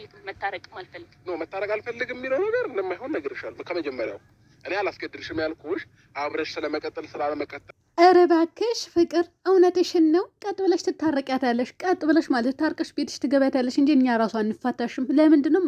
አልፈልግም፣ መታረቅም አልፈልግም። ኖ መታረቅ አልፈልግም የሚለው ነገር እንደማይሆን ነግርሻለሁ ከመጀመሪያው። እኔ አላስገድልሽም ያልኩሽ አብረሽ ስለመቀጠል ስላለመቀጠል ረባክሽ እባክሽ ፍቅር እውነትሽን ነው። ቀጥ ብለሽ ትታረቂያታለሽ። ቀጥ ብለሽ ማለት ታርቀሽ ቤትሽ ትገቢያታለሽ እንጂ እኛ ራሱ አንፋታሽም። ለምንድን ነው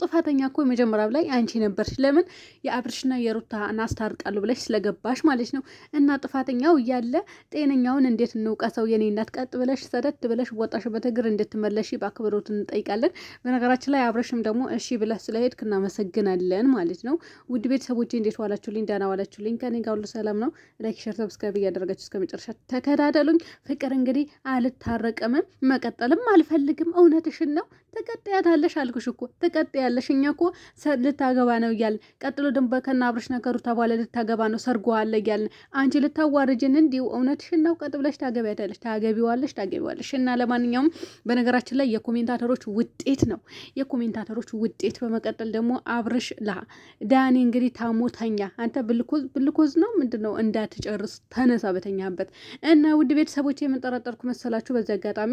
ጥፋተኛ እኮ የመጀመሪያው ላይ አንቺ ነበርሽ። ለምን የአብርሽና የሩታ እናስታርቃሉ ብለሽ ስለገባሽ ማለት ነው። እና ጥፋተኛው እያለ ጤነኛውን እንዴት እንውቀሰው? የኔ እናት ቀጥ ብለሽ ሰደት ብለሽ ወጣሽበት እግር እንድትመለሽ በአክብሮት እንጠይቃለን። በነገራችን ላይ አብረሽም ደግሞ እሺ ብለሽ ስለሄድክ እናመሰግናለን ማለት ነው። ውድ ቤተሰቦቼ እንዴት ዋላችሁልኝ? ደህና ዋላችሁልኝ? ከኔ ጋር ሁሉ ሰላም ነው። ላይክ ሸር ሰብስክራይብ ሰብስክራይብ እያደረጋችሁ እስከ መጨረሻ ተከታተሉኝ። ፍቅር እንግዲህ አልታረቅምም፣ መቀጠልም አልፈልግም። እውነትሽን ነው ትቀጥያታለሽ አልኩሽ እኮ ትቀጥያለሽ። እኛ እኮ ልታገባ ነው እያልን ቀጥሎ ድንበ ከና አብረሽ ነገሩ ተባለ ልታገባ ነው ሰርጎ አለ እያልን አንቺ ልታዋርጅን እንዲሁ እውነትሽን ነው። ቀጥ ብለሽ ታገቢያታለሽ፣ ታገቢዋለሽ፣ ታገቢዋለሽ። እና ለማንኛውም በነገራችን ላይ የኮሜንታተሮች ውጤት ነው የኮሜንታተሮች ውጤት። በመቀጠል ደግሞ አብረሽ ላ ዳኒ እንግዲህ ታሞታኛ አንተ ብልኮዝ ነው ምንድን ነው እንዳትጨርስ ተነሳ በተኛበት እና ውድ ቤተሰቦች የምንጠራጠርኩ መሰላችሁ። በዚህ አጋጣሚ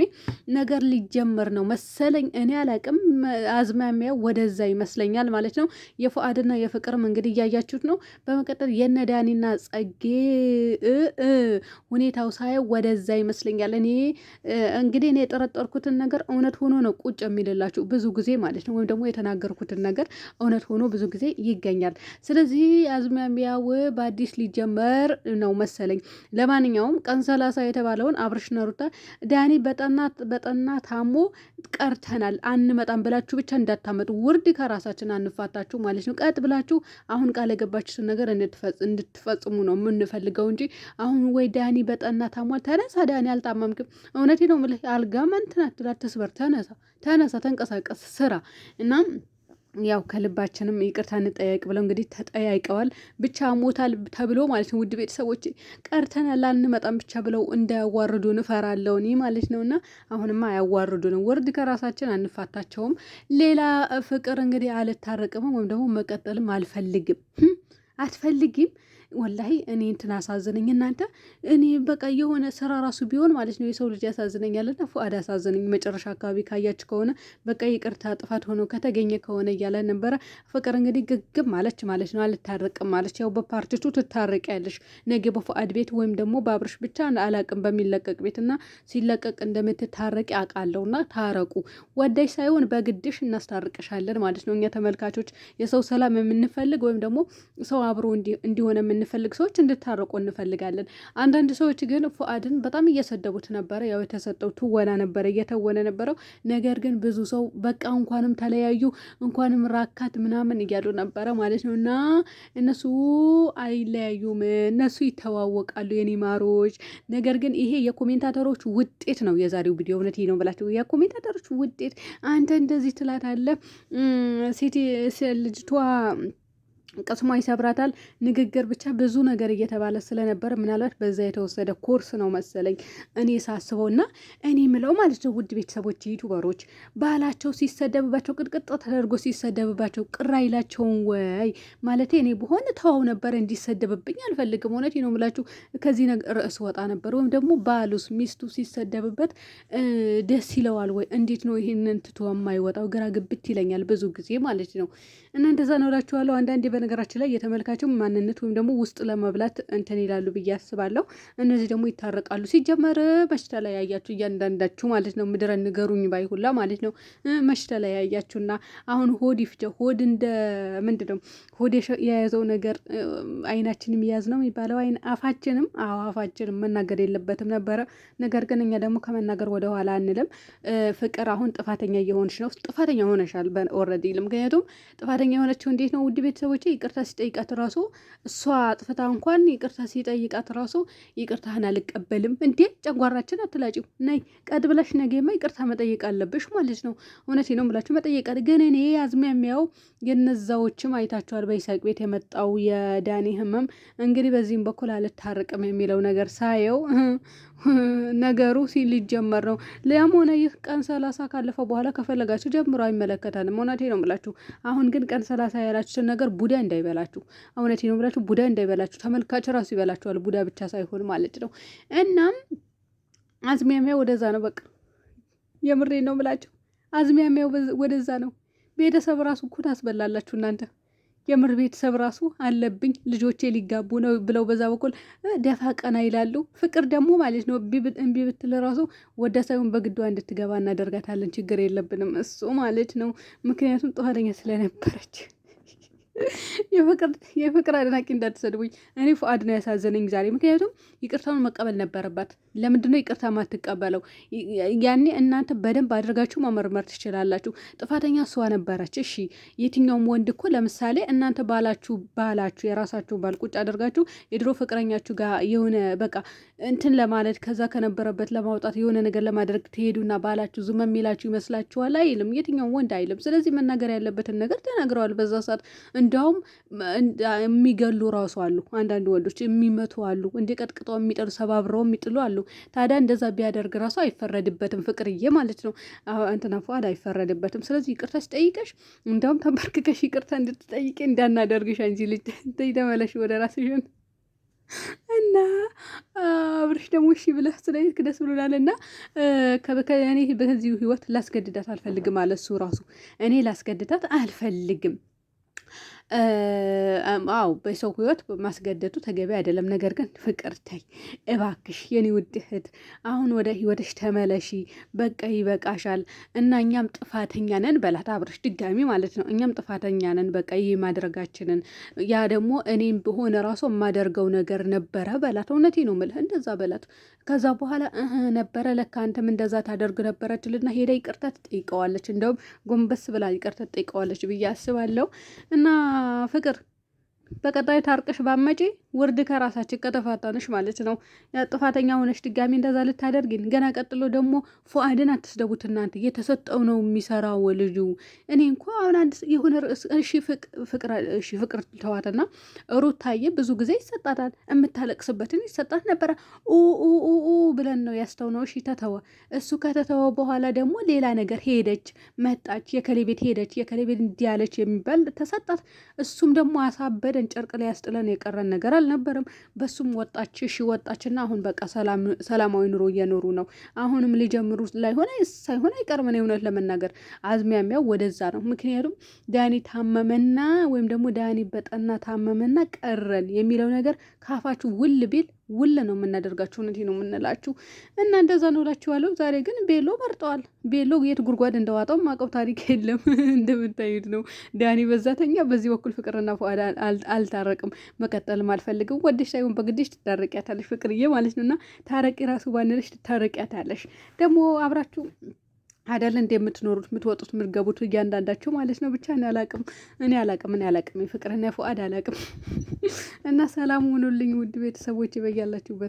ነገር ሊጀመር ነው መሰለኝ እኔ አላቅም አዝማሚያው ወደዛ ይመስለኛል ማለት ነው። የፉአድና የፍቅርም እንግዲህ እያያችሁት ነው። በመቀጠል የነዳኒና ጸጌ ሁኔታው ሳየው ወደዛ ይመስለኛል። እኔ እንግዲህ እኔ የጠረጠርኩትን ነገር እውነት ሆኖ ነው ቁጭ የሚልላችሁ ብዙ ጊዜ ማለት ነው። ወይም ደግሞ የተናገርኩትን ነገር እውነት ሆኖ ብዙ ጊዜ ይገኛል። ስለዚህ አዝማሚያው በአዲስ ሊጀመር ነው መሰለኝ። ለማንኛውም ቀን ሰላሳ የተባለውን አብርሽና ዳኒ በጠና በጠና ታሞ ቀርተናል አንመጣም ብላችሁ ብቻ እንዳታመጡ። ውርድ ከራሳችን አንፋታችሁ ማለት ነው። ቀጥ ብላችሁ አሁን ቃል የገባችሁትን ነገር እንድትፈጽሙ ነው የምንፈልገው እንጂ አሁን ወይ ዳኒ በጠና ታሟል፣ ተነሳ ዳኒ አልጣመምክም። እውነቴ ነው ምልህ አልጋ መንትናትላል፣ ትስበር፣ ተነሳ፣ ተነሳ፣ ተንቀሳቀስ፣ ስራ እና ያው ከልባችንም ይቅርታ እንጠያቅ ብለው እንግዲህ ተጠያይቀዋል። ብቻ ሞታል ተብሎ ማለት ነው። ውድ ቤተሰቦች ቀርተናል አንመጣም ብቻ ብለው እንዳያዋርዱን እፈራለሁ እኔ ማለት ነው። እና አሁንማ አያዋርዱንም። ወርድ ከራሳችን አንፋታቸውም። ሌላ ፍቅር እንግዲህ አልታረቅም ወይም ደግሞ መቀጠልም አልፈልግም። አትፈልጊም ወላሂ እኔ እንትን አሳዝነኝ እናንተ። እኔ በቃ የሆነ ስራ ራሱ ቢሆን ማለት ነው የሰው ልጅ ያሳዝነኛልና ፉአድ አሳዝነኝ። መጨረሻ አካባቢ ካያች ከሆነ በቃ ይቅርታ ጥፋት ሆኖ ከተገኘ ከሆነ እያለ ነበረ። ፍቅር እንግዲህ ግግም ማለች ማለት ነው አልታረቅም ማለች። ያው በፓርቲቱ ያለሽ ነገ በፉአድ ቤት ወይም ደግሞ በአብርሽ ብቻ አላቅም በሚለቀቅ ቤት እና ሲለቀቅ እንደምትታረቂ አውቃለሁ። እና ታረቁ ወዳጅ ሳይሆን በግድሽ እናስታርቅሻለን ማለት ነው። እኛ ተመልካቾች የሰው ሰላም የምንፈልግ ወይም ደግሞ ሰው አብሮ እንዲሆነ የምንፈልግ ሰዎች እንድታረቁ እንፈልጋለን። አንዳንድ ሰዎች ግን ፉአድን በጣም እየሰደቡት ነበረ። ያው የተሰጠው ትወና ነበረ እየተወነ ነበረው። ነገር ግን ብዙ ሰው በቃ እንኳንም ተለያዩ እንኳንም ራካት ምናምን እያሉ ነበረ ማለት ነው። እና እነሱ አይለያዩም፣ እነሱ ይተዋወቃሉ የኔ ማሮች። ነገር ግን ይሄ የኮሜንታተሮች ውጤት ነው። የዛሬው ቪዲዮ እውነት ነው ብላቸው የኮሜንታተሮች ውጤት አንተ እንደዚህ ትላት አለ ሴት ልጅቷ ቅስሟ ይሰብራታል። ንግግር ብቻ ብዙ ነገር እየተባለ ስለነበር ምናልባት በዛ የተወሰደ ኮርስ ነው መሰለኝ እኔ ሳስበው እና እኔ ምለው ማለት ነው። ውድ ቤተሰቦች ዩቱበሮች ባህላቸው ሲሰደብባቸው ቅጥቅጥ ተደርጎ ሲሰደብባቸው ቅር አይላቸውም ወይ ማለት እኔ በሆነ ተዋው ነበር። እንዲሰደብብኝ አልፈልግም። እውነት ነው ምላችሁ ከዚህ ርዕስ ወጣ ነበር። ወይም ደግሞ ባሉስ ሚስቱ ሲሰደብበት ደስ ይለዋል ወይ? እንዴት ነው ይህንን ትቶ የማይወጣው? ግራ ግብት ይለኛል ብዙ ጊዜ ማለት ነው እና እንደዛ ነው እላችኋለሁ አንዳንዴ በነገራችን ላይ የተመልካችም ማንነት ወይም ደግሞ ውስጥ ለመብላት እንትን ይላሉ ብዬ አስባለሁ። እነዚህ ደግሞ ይታረቃሉ። ሲጀመር መሽታ ላይ ያያችሁ እያንዳንዳችሁ ማለት ነው። ምድረ ንገሩኝ ባይሁላ ማለት ነው። መሽታ ላይ ያያችሁና አሁን ሆድ ይፍጀ ሆድ እንደ ምንድን ነው ሆድ የያዘው ነገር አይናችንም የያዝ ነው የሚባለው አይን አፋችንም አዎ አፋችንም መናገር የለበትም ነበረ። ነገር ግን እኛ ደግሞ ከመናገር ወደኋላ አንልም። ፍቅር አሁን ጥፋተኛ እየሆንሽ ነው። ጥፋተኛ ሆነሻል ኦልሬዲ። ምክንያቱም ጥፋተኛ የሆነችው እንዴት ነው ውድ ቤተሰቦች ይቅርታ ሲጠይቃት ራሱ እሷ አጥፍታ እንኳን ይቅርታ ሲጠይቃት ራሱ ይቅርታህን አልቀበልም እንዴ ጨጓራችን አትላጭው ነይ ቀድ ብላሽ ነገማ ይቅርታ መጠየቅ አለብሽ ማለት ነው። እውነቴ ነው ብላችሁ መጠየቅ ግን እኔ አዝማሚያው የነዛዎችም አይታችኋል። በይሳቅ ቤት የመጣው የዳኒ ህመም እንግዲህ በዚህም በኩል አልታርቅም የሚለው ነገር ሳየው ነገሩ ሲሊጀመር ነው። ሊያም ሆነ ይህ ቀን ሰላሳ ካለፈው በኋላ ከፈለጋችሁ ጀምሮ አይመለከታልም። እውነቴ ነው ብላችሁ አሁን ግን ቀን ሰላሳ ያላችሁትን ነገር ቡዳ እንዳይበላችሁ። እውነቴ ነው ብላችሁ ቡዳ እንዳይበላችሁ። ተመልካች ራሱ ይበላችኋል፣ ቡዳ ብቻ ሳይሆን ማለት ነው። እናም አዝሚያሚያ ወደዛ ነው። በቃ የምሬ ነው ብላችሁ አዝሚያሚያው ወደዛ ነው። ቤተሰብ ራሱ እኮ ታስበላላችሁ እናንተ የምር ቤተሰብ ራሱ አለብኝ ልጆቼ ሊጋቡ ነው ብለው በዛ በኩል ደፋ ቀና ይላሉ። ፍቅር ደግሞ ማለት ነው እምቢ ብትል ራሱ ወደ ሳይሆን በግዷ እንድትገባ እናደርጋታለን። ችግር የለብንም እሱ ማለት ነው። ምክንያቱም ጠዋደኛ ስለነበረች የፍቅር አድናቂ እንዳትሰድቡኝ። እኔ ፉአድ ነው ያሳዘነኝ ዛሬ፣ ምክንያቱም ይቅርታውን መቀበል ነበረባት። ለምንድነ ይቅርታ ማትቀበለው? ያኔ እናንተ በደንብ አድርጋችሁ መመርመር ትችላላችሁ። ጥፋተኛ እሷ ነበረች። እሺ፣ የትኛውም ወንድ እኮ ለምሳሌ እናንተ ባላችሁ ባላችሁ የራሳችሁን ባል ቁጭ አድርጋችሁ የድሮ ፍቅረኛችሁ ጋር የሆነ በቃ እንትን ለማለት ከዛ ከነበረበት ለማውጣት የሆነ ነገር ለማድረግ ትሄዱና ባላችሁ ዝም የሚላችሁ ይመስላችኋል? አይልም፣ የትኛውም ወንድ አይልም። ስለዚህ መናገር ያለበትን ነገር ተናግረዋል በዛ ሰዓት እንዲያውም የሚገሉ ራሱ አሉ። አንዳንድ ወንዶች የሚመቱ አሉ። እንደ ቀጥቅጠው የሚጠሉ ሰባብረው የሚጥሉ አሉ። ታዲያ እንደዛ ቢያደርግ ራሱ አይፈረድበትም፣ ፍቅርዬ ማለት ነው። እንትና ፉአድ አይፈረድበትም። ስለዚህ ይቅርታ ሲጠይቀሽ እንዲያውም ተንበርክከሽ ይቅርታ እንድትጠይቂ እንዳናደርግሽ አንቺ ልጅ ተመለሽ ወደ ራስሽን እና አብርሽ ደግሞ እሺ ብለህ ስለሄድክ ደስ ብሎናል። እና ከእኔ በዚሁ ህይወት ላስገድዳት አልፈልግም አለ እሱ ራሱ። እኔ ላስገድዳት አልፈልግም አዎ በሰው ህይወት ማስገደዱ ተገቢ አይደለም። ነገር ግን ፍቅር ታይ እባክሽ የኔ ውድ እህት፣ አሁን ወደ ህይወትሽ ተመለሺ፣ በቃ ይበቃሻል እና እኛም ጥፋተኛ ነን በላት አብረሽ ድጋሚ ማለት ነው። እኛም ጥፋተኛ ነን በቃ ይህ ማድረጋችንን፣ ያ ደግሞ እኔም በሆነ ራሱ የማደርገው ነገር ነበረ በላት። እውነቴ ነው ምልህ እንደዛ በላት። ከዛ በኋላ ነበረ ለካ አንተም እንደዛ ታደርግ ነበረ ትልና ሄዳ ይቅርታ ትጠይቀዋለች። እንደውም ጎንበስ ብላ ይቅርታ ትጠይቀዋለች ብዬ አስባለሁ እና فكر በቀጣይ ታርቅሽ ባመጪ ውርድ ከራሳችን ከተፋታንሽ ማለት ነው። ጥፋተኛ ሆነሽ ድጋሚ እንደዛ ልታደርግን። ገና ቀጥሎ ደግሞ ፉአድን አትስደቡት እናንተ። የተሰጠው ነው የሚሰራው ልጁ። እኔ እንኳ አሁን አንድ የሆነ ርዕስ እሺ፣ ፍቅር ተዋትና ሩታዬ ብዙ ጊዜ ይሰጣታል። የምታለቅስበትን ይሰጣት ነበረ። ኡ ብለን ነው ያስተው ነው። እሺ ተተወ። እሱ ከተተወ በኋላ ደግሞ ሌላ ነገር ሄደች፣ መጣች፣ የከሌቤት ሄደች፣ የከሌቤት እንዲያለች የሚባል ተሰጣት። እሱም ደግሞ አሳበደ ሄደን ጨርቅ ላይ ያስጥለን የቀረን ነገር አልነበረም። በሱም ወጣች እሺ ወጣችና አሁን በቃ ሰላማዊ ኑሮ እየኖሩ ነው። አሁንም ሊጀምሩ ላይሆነ ሳይሆን አይቀርም እውነት ለመናገር አዝሚያሚያው ወደዛ ነው። ምክንያቱም ዳኒ ታመመና ወይም ደግሞ ዳኒ በጠና ታመመና ቀረን የሚለው ነገር ካፋችሁ ውል ቢል ውል ነው የምናደርጋችሁ። እውነቴ ነው የምንላችሁ እና እንደዛ ነው እላችኋለሁ። ዛሬ ግን ቤሎ መርጠዋል። ቤሎ የት ጉድጓድ እንደዋጣው ማቀብ ታሪክ የለም። እንደምታዩት ነው ዳኒ በዛተኛ። በዚህ በኩል ፍቅርና ፉአድ አልታረቅም፣ መቀጠልም አልፈልግም። ወደሽ ሳይሆን በግድሽ ትታረቂያታለሽ፣ ፍቅርዬ ማለት ነው እና ታረቂ ራሱ ባንለሽ ትታረቂያታለሽ ደግሞ አብራችሁ አደል እንደ የምትኖሩት የምትወጡት የምትገቡት እያንዳንዳቸው ማለት ነው። ብቻ እኔ አላቅም እኔ አላቅም እኔ አላቅም የፍቅርና የፉአድ አላቅም። እና ሰላም ሆኖልኝ ውድ ቤተሰቦች በያላችሁበት